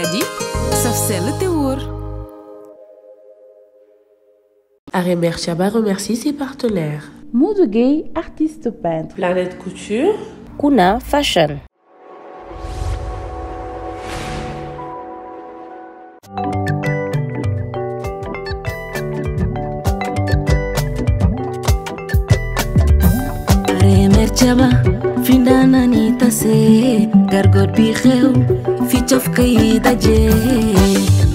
Kadi saf le te Chaba remercie ses partenaires. Moudou Gay, artiste peintre. Planète Couture. Kuna Fashion. Chaba. findanani tase gargod bi xew fi cof kayida je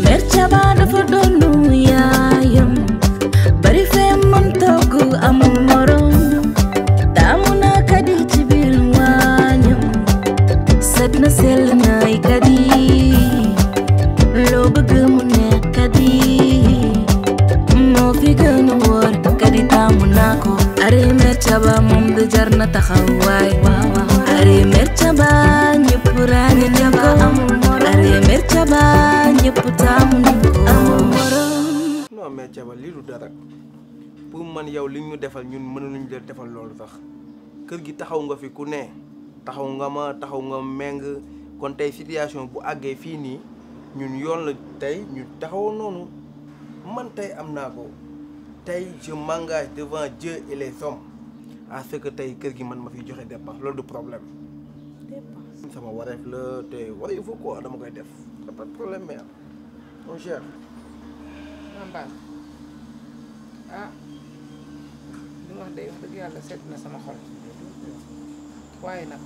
mer caba jar na taxaw waay are mer ca ba ñëpp ràññe na ko are mer ca ba ñëpp du dara pour man yow li ñu defal ñun mënuñu la defal loolu sax kër gi taxaw nga fi ku ne taxaw nga ma taxaw nga méng kon tey situation bu àggee fii nii ñun yoon la tey ñu taxaw noonu man tey am naa ko tey je m'engage devant Dieu et les hommes à ce que tay kër gi man ma fi joxe dépense loolu du problème. dépense sama le té te wareefu quoi dama koy def y pas de problème mais on gère. Mamba ah li wax de wax deug yalla seet na sama xol waaye nak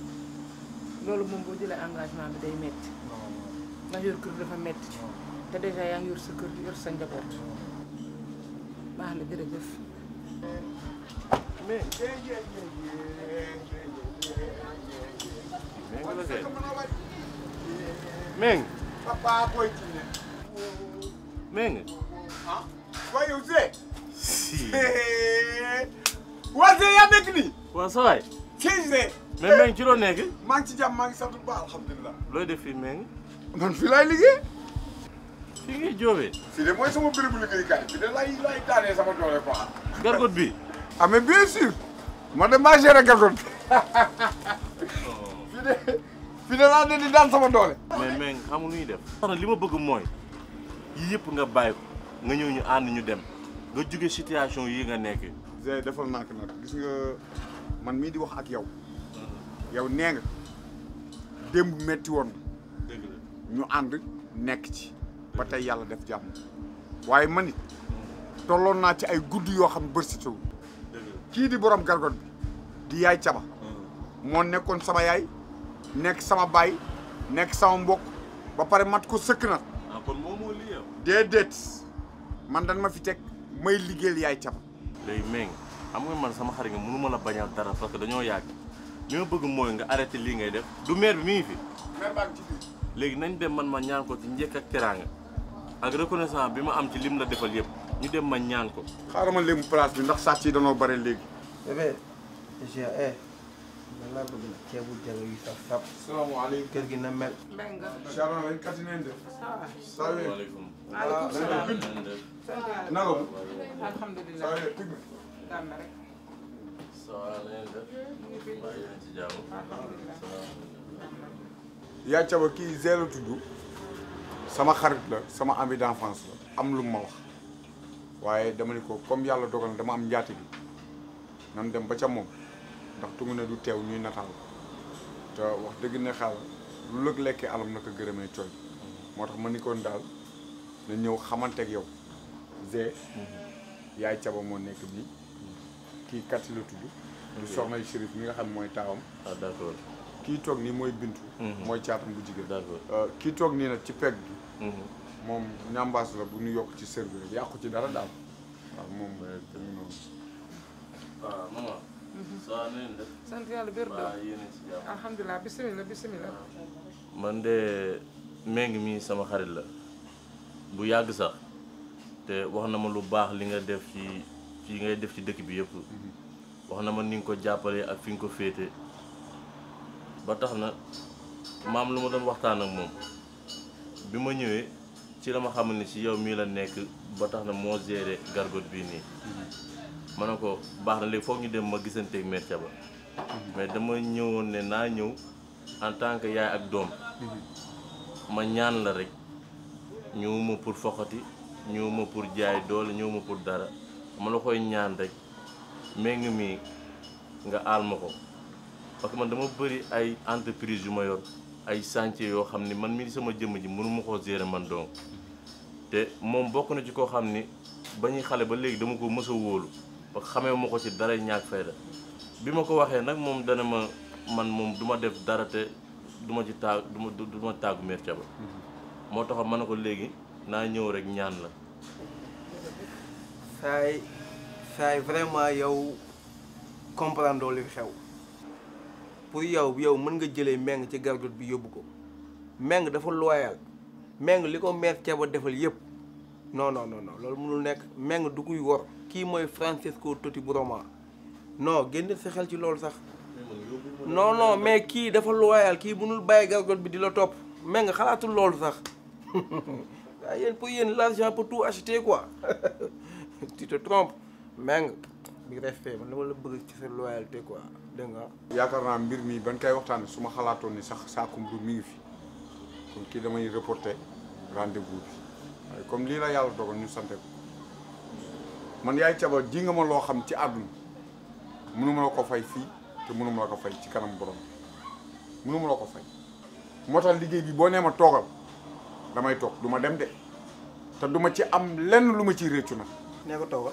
loolu mom bo jëlé engagement bi day metti ndax yor kër dafa metti té déjà yaa yor sa kër yor sa njaboot baax na jërëjëf. Meng. yeah, yeah, yeah, yeah, Meng. Papa, boy, Meng. Huh? What you say? Si. What's it make me? What's I? Change it. Mais Meng, ci hein? lo ci jàmm, maa ngi sant bu baax Meng. def fii Meng? Man fii laay liggéey. les ngay jóobee. Fii de mooy sama bérébu liggéeykaay bi de laay laay daanee sama quoi. ah mais ma dem maa géré gàllankoor fii de fii laa ne di daan sama doole. mais mais xam nga lu ñuy def. li ma bëgg mooy yii yëpp nga bàyyi nga ñëw ñu ànd ñu dem nga jóge situation yi nga nekk. Zé defal naa ko nag gis nga man mii di wax ak yow yow nee nga démb metti woon ñu ànd nekk ci ba tey yàlla def jàmm waaye man it tolloon naa ci ay gudd yoo xam bërsitéwul ki di borom gargot bi di yaay chaba mo nekkon sama yaay nek sama bay nek sama mbok ba pare mat ko seuk na ah, kon momo li yow dedet man dan ma fi tek may liggéeyal yaay chaba lay meng xam nga man sama xari nga munu ma la bañal dara parce que daño yàgg ñu bëgg moy nga arrêté li ngay def du maire bi mi fi maire ba ci fi léegi nañ dem man ma ñaan ko ci ñeek ak teranga ak reconnaissance bima am ci lim la defal yépp ñu dem ma ñaan ko. xaaral ma léegi place bi ndax sàcc yi danoo bare léegi. bébé monsieur eh. man laa bëgg nag ceebu jawe yu saf saf. salaamaaleykum kër gi na mel. mel nga. Chara lañ kati nañ def. salaamaaleykum. maaleykum salaam. na nga. alhamdulilah. daan na rek. Hmm, yaa caba kii Zé la tudd sama xarit la sama ami d'enfance la am lu ma wax. waaye dama ne ko comme yàlla dogal na dama am njaati bi nan dem ba ca moom ndax tungu ne du teew ñuy nataal te wax dëgg ne xaal lu lëg lekkee alam na ko gërëmee cooy moo tax ma ni koon daal na ñëw xamanteek ak yow g yaay caba moo nekk bi kii katti la tudd du soxnay shérif mi nga xam mooy taawam ah, kii toog nii mooy bintu mhm. mooy caatam bu jigéen d'accord euh, kii toog nii nag ci peg gi mhm. moom ñambaas la bu ñu yokk ci serveur yàqu ci dara daal waaw moom eh, tamit noonu. waaw maman. Mhm. ça yàlla bér a si jàmm. alhamdulilah bisimilah bisimilah. man de méng mi sama xarit la bu yàgg sax te wax na ma lu baax li nga def ci ci ngay def ci dëkk bi yëpp. Mhm. wax na ma ni nga ko jàppalee ak fi nga ko féete ba tax na maam lu ma doon waxtaan ak moom bi ma ñëwee. ci la ma xamal ni ci yow mii la nekk ba tax na moo géré gargot bii nii mën ne ko baax na léegi foog ñu dem ma gisanteeg mère Thiaba mais dama ñëwoon ne naa ñëw en tant que yaay ak doom ma ñaan la rek ñëwuma pour foxati ñëwuma pour jaay doole ñëwuma pour dara ma la koy ñaan rek méng mi nga aal ko parce que dama bëri ay entreprise yu ma yor ay chantier yoo xam ni man mii sama jëmm ji mënuma koo gérer man donc te moom bokk na ci koo xam ni ba ñuy xale ba léegi dama ko mës wóolu ba xamee ma ko ci dara ñaak fayda bi ma ko waxee nag moom dana ma man moom duma def dara te du ci taag duma ma du ma taagu mhm. moo taxoon ma ne ko léegi naa ñëw rek ñaan la saay saay vraiment yow comprendre li xew pour yow yow mën nga jëlee meng ci gargot bi yóbbu ko meng dafa loyal meng li ko meer ceeba defal yëpp non non non non loolu mënul nekk meng du kuy wor kii mooy Francesco Totti bu Roma non génn sa xel ci loolu sax non no mais kii dafa loyal kii mënul bàyyi gargot bi di la topp meng xalaatul loolu sax waaye yéen pour yéen l'argent peut tout acheter quoi tu te meng bi respect man dama la bëgg ci sa loyauté quoi dégg nga. yaakaar naa mbir mi ban kay waxtaan su ma xalaatoon ni sax Sakoum du mi ngi fi kon kii damay reporter rendez-vous waaye comme lii la yàlla dogal ñu sante ko man yaay caba jii nga ma loo xam ci àdduna mënuma la ko fay fii te mënuma la ko fay ci kanam borom mënuma la ko fay moo tax liggéey bi boo nee ma toogal damay toog du ma dem de te du ma ci am lenn lu ma ciy réccu nag. nee ko toogal.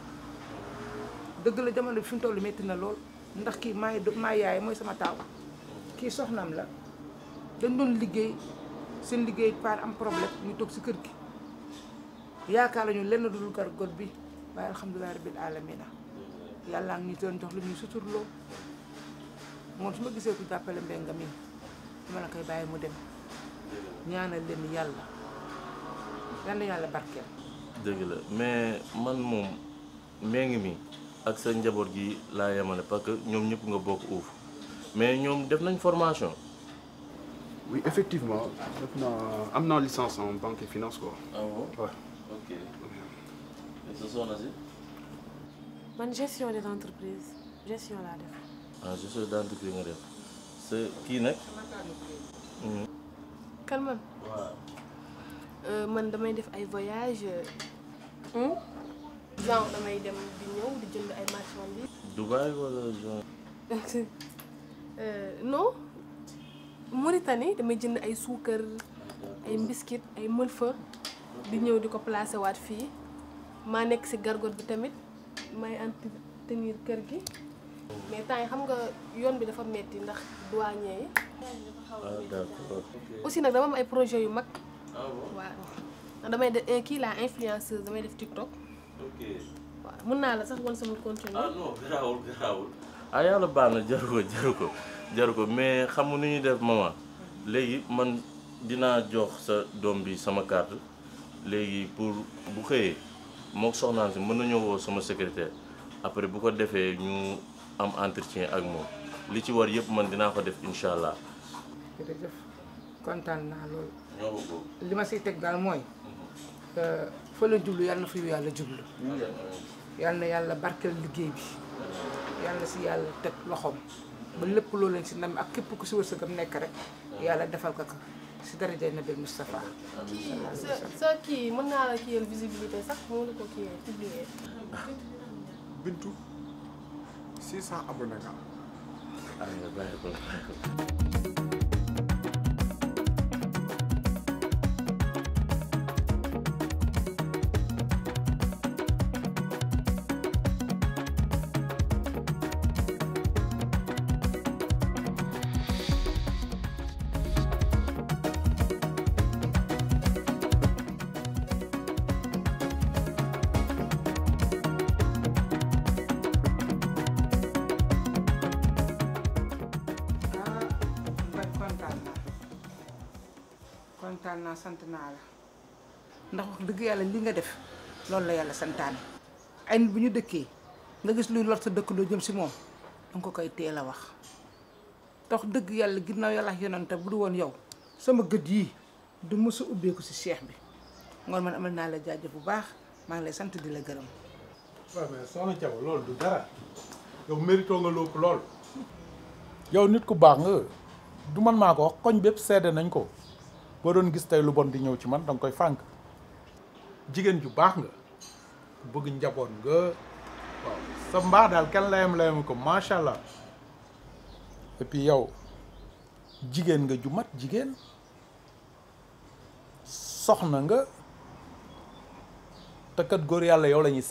dëgg la jamono bi fi mu toll métti na lool ndax kii maay maay yaay mooy sama taaw kii soxnaam la dañ doon liggéey seen liggéey par am problème ñu toog si kër gi yaakaar nañu lenn dul gar got bi waaye alhamdulilah rabbil alamina yàlla ngi ñu doon jox lu ñuy suturloo moom su ma gisee ku jàppale mbéngam yi dama la koy bàyyi mu dem ñaanal leen yàlla yàlla barkeel. dëgg la mais man moom mbéng mi. ak sa njaboot gi laa yemale parce que ñoom ñëpp nga bokk uuf mais ñoom def nañ formation. oui effectivement def naa am licence en banque et finance quoi. ah bon ouais. ok. et sa soxna si. man gestion des entreprises gestion là. def. ah gestion d' entreprise nga def sa mm. Calme-moi. kalman. Euh, man damay def ay voyages. Hmm? genre damay dem di ñëw di jënd ay marchandises. Dubaï wala genre. Eh, non Mauritanie damay jënd ay suukar ay biscuit ay mulfa di ñëw di ko placé waat fii maa nekk si gargot bi tamit may entretenir kër gi. mais temps yi xam nga yoon bi dafa metti ndax douanier yi. Ah, aussi dama am ay projet yu mag. waaw damay def eh, kii laa influenceuse damay def TikTok. ok waaw mun naa la sax wan sama continuer. ah non garaawul garaawul. Ah, yàlla baax na jaru ko jaru ko jaru ko mais xamu ñuy def maman léegi man dinaa jox sa doom bi sama carte léegi pour bu xëyee moo soxnaan si mën nañoo woo sama secrétaire après bu ko defee ñu am entretien ak moom li ci war yëpp man dinaa ko def incha allah. li ma siy teg daal mooy. Mhm. fa la jublu yàlla na fa yàlla jublu yàlla na yàlla barkeel liggéey bi yàlla na si yàlla teg loxoom ba lépp loolu leen si nam ak képp ku si wërsëgam nekk rek yàlla defal ko ko si daraja nabi Moustapha kii sa kii mën naa la kiyal visibilité sax moo la ko kiyee publier bintu 600 abonnés nga am yaakaar naa sant naa la ndax wax dëgg yàlla li nga def loolu la yàlla santaane ay nit bu ñu dëkkee nga gis luy lor sa dëkk jëm si moom danga ko koy teel wax tax dëgg yàlla ginnaaw yow sama gët yii du mësa si cheikh bi ngoon man amal naa la jaajëf bu baax maa ngi lay sant di la gërëm waaw mais soxna Thiaw loolu du dara yow mérito nga loo lool yow nit ku baax nga du man koñ nañ ko bo doon gis tay lu bon di ñew ci man dang nga koy fank jigen ju bax nga bëgg njabon nga waaw sa mbaax daal jigen, layam layam ko sha allah et puis yow jigen nga ju mat jigen soxna nga te kat gor yalla yow lañuy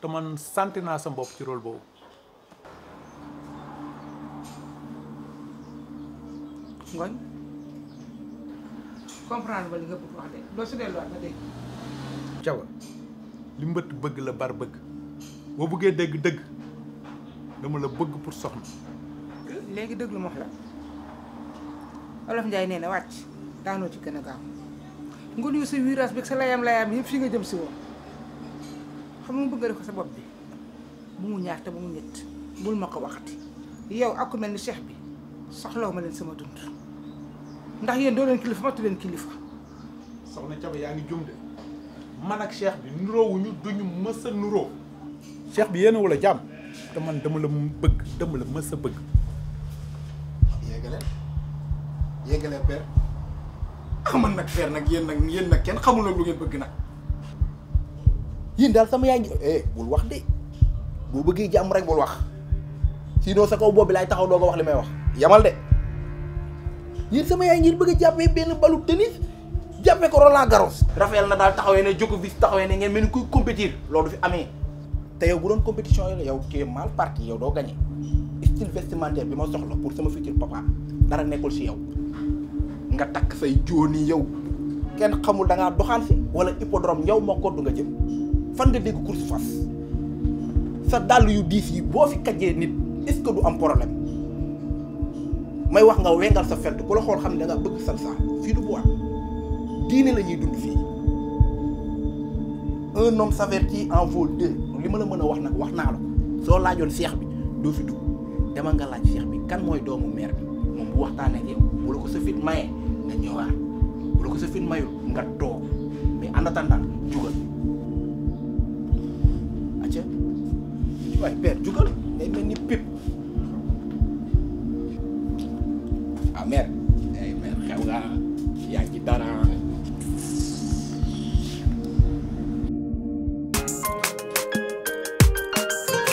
te man santina sa mbop ci rôle bobu ngoñ comprendre ba li nga bëgg wax dé do doo si wat nga dé ciow li mbeut bëgg la bar bëgg bo bëggé dégg dëgg dama la bëgg pour soxna légui dëgg lu ma wax la olof ndjay néna wacc wàcc daanoo ci gën a gaaw nga nuyu sa virage bi sa layam layam yëpp fi nga jëm ci wo xam nga bëgg rek sa bop bi bu mu ñaar te bu mu ñett bul ma ko waxati yow ak melni cheikh bi soxlo ma len sama dund ndax yéen doo leen kilifa matu leen kilifa. soxna Thiaba yaa ngi jum de man ak cheikh bi nuroowuñu duñu mës a nuroo. cheikh bi yéen wala jàmm te man dama la bëgg dama la mës a bëgg. yeggale yeggale ah, nag père nag yéen nag yéen kenn xamul na lu ngeen bëgg nag. yéen daal sama yaa ngi eh bul wax de boo bëggee jàmm rek bul wax sinon sa kaw boobu laay taxaw doo ko wax li may wax yamal de. yeen sama yaay ngeen bëgg a ben balu tennis jappé ko Roland Garros. Rafael Nadal taxawé né Djokovic taxawé né ngeen mel ni compétir loolu fi amé té yow bu doon compétition yow yow ké mal parti yow do gagné style vestimentaire bi ma soxla pour sama futur papa dara nekkul ci yow nga tak say joni yow kenn xamul da nga doxal fi wala hippodrome yow moko du nga jëm fan nga dégg course face sa dàll yu diis yi bo fi kajé nit est-ce que du am problème may wax nga wengal sa fent ku la xool xam nga bëgg sax fi du boîte diine lañuy dund fi un homme s'avertit en vol de li ma la mën wax nak wax na la so lajol cheikh bi do fi du dama nga laaj cheikh bi kan moy doomu mer bi mom bu waxtane ak yow bu lako sa fit maye nga ñëwa bu lako sa fit mayu nga toog mais en attendant jugal acca waay père jugal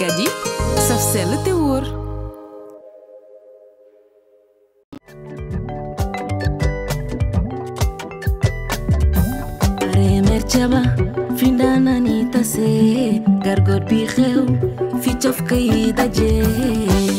fajkat yi saf sell te remer caba fi ndaanaan yi tase bi xew fi cof kay daje.